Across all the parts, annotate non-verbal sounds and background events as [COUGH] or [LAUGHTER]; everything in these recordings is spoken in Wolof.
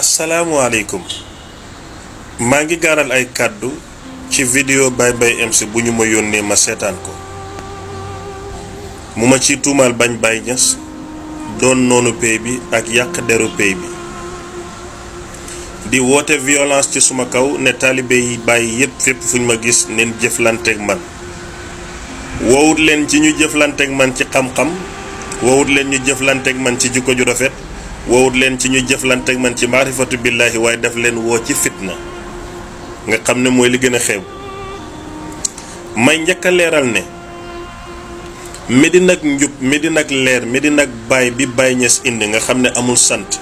asalaamualeykum maa ngi gaaral ay kàddu ci vidéo Baye Mbaye MC bu ñu ma yónnee ma seetaan ko mu ma ci tuumaal bañ Baye Niass doon noonu pay bi ak yàq deru pay bi di woote violence ci suma kaw ne taalibe bàyyi yépp fépp fuñ ma gis neen jëflanteeg man woowut leen ci ñu jëflanteeg man ci xam-xam woowut leen ñu jëflanteeg man ci jikko ju rafet woowut leen ci ñu jëflante man ci maarifatu billaahi waaye daf leen woo ci fitna nga xam ne mooy li gën a xew may njëkk a leeral ne Médina ak njub Médina ak leer Médina ak baay bi Baay Ñas indi nga xam ne amul sant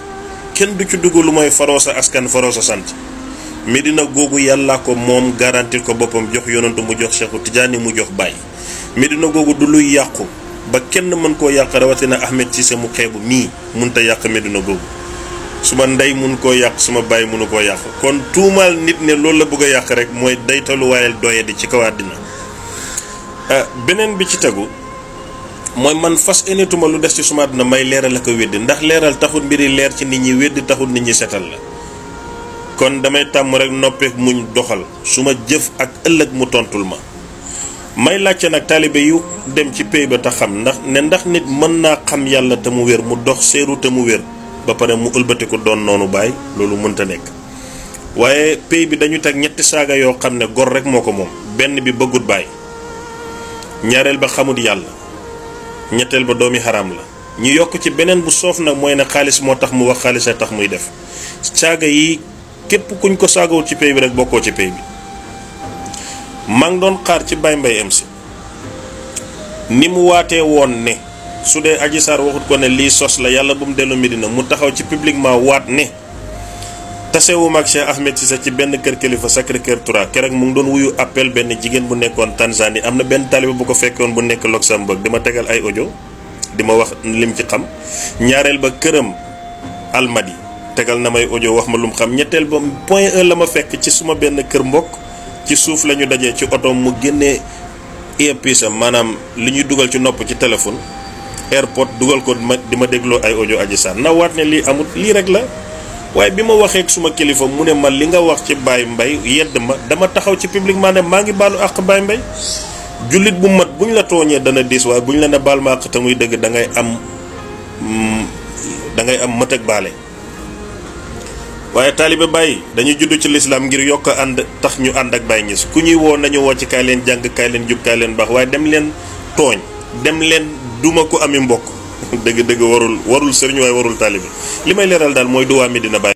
kenn du ci dugg lu mooy faroo sa askan faroo sa sant Médina googu yàllaa ko moom garantir ko boppam jox yonantu mu jox Seexu Tijaani mu jox Baay Médina googu du luy yàqu ba kenn mën koo yàq rawatina Ahmed Cissé mu xeebu mii munta yàq Medina googu ma ndey mun koo yàq suma bàyyi munu koo yàq kon tuumaal nit ne loolu la bëgg yàq rek mooy daytaluwaayal doye di ci kaw àddina ah, beneen bi ci tegu mooy man fas énetuma lu des ci suma àddina may leeral a ko wédd ndax leeral taxul mbiri leer ci nit ñi wédd taxul nit ñi setal la kon damay tàmm rek noppeek muñ doxal suma jëf ak ëllëg mu tontul ma may laajte nag taalibe yu dem ci pay ba tax xam ndax ne ndax nit mën naa xam yàlla te mu wér mu dox seeru te mu wér ba pare mu ëlbatiku doon noonu baay loolu mënta nekk waaye pay bi dañu teg ñetti saaga yoo xam ne gor rek moo ko moom benn bi bëggut baay ñaareel ba xamut yàlla ñetteel ba doomi xaraam la ñu yokk ci beneen bu soof nag mooy ne xaalis moo tax mu wax xaalis tax muy def saaga yi képp kuñ ko saagawul ci pay bi rek bokkoo ci pay bi maa ngi doon xaar ci mbay am si ni mu waatee woon ne su dee Adji Sarr waxut ko ne lii sos la yàlla bu mu dellu Medina mu taxaw ci publiquement waat ne tasewuma ak Cheikh Ahmed Cissé ci benn kër kilifa Sacré-Cœur 3 keroog mu ngi doon wuyu appel benn jigéen bu nekkoon Tanzanie am na benn taaliba bu ko fekkoon bu nekk Luxembourg dama tegal ay audio di ma wax lim ci xam ñaareel ba këram Almadi tegal na may ojo wax ma lum xam ñetteel ba point 1 la ma fekk ci suma benn kër mbokk. ci suuf la ñu dajee ci oto mu génnee earpiece am maanaam li ñuy dugal ci nopp ci téléphone airpod dugal ko ma di ma dégloo ay audio Adji Sarr na waat ne lii amut lii rek la waaye bi ma waxee ak suma kilifa mu ne ma li nga wax ci Baye mbay yedd ma dama taxaw ci publiquement ne maa ngi baalu àq Baye mbay jullit bu mat bu ñu la tooñee dana diis waaye bu ñu la ne baal ma àq te muy dëgg da ngay am mm, dangay am mët baale waaye taalibe Baye dañuy judd ci lislaam ngir yokk ànd tax ñu ànd ak Baye Niass ku ñuy woo nañu woo ci leen jàng kaay leen jub kaay leen baax waaye demleen leen tooñ dem leen duma ko ami mbokk [LAUGHS] dëgg dëgg warul warul sëriñ waaye warul taalibe li may leral daal mooy duwaa dina Baye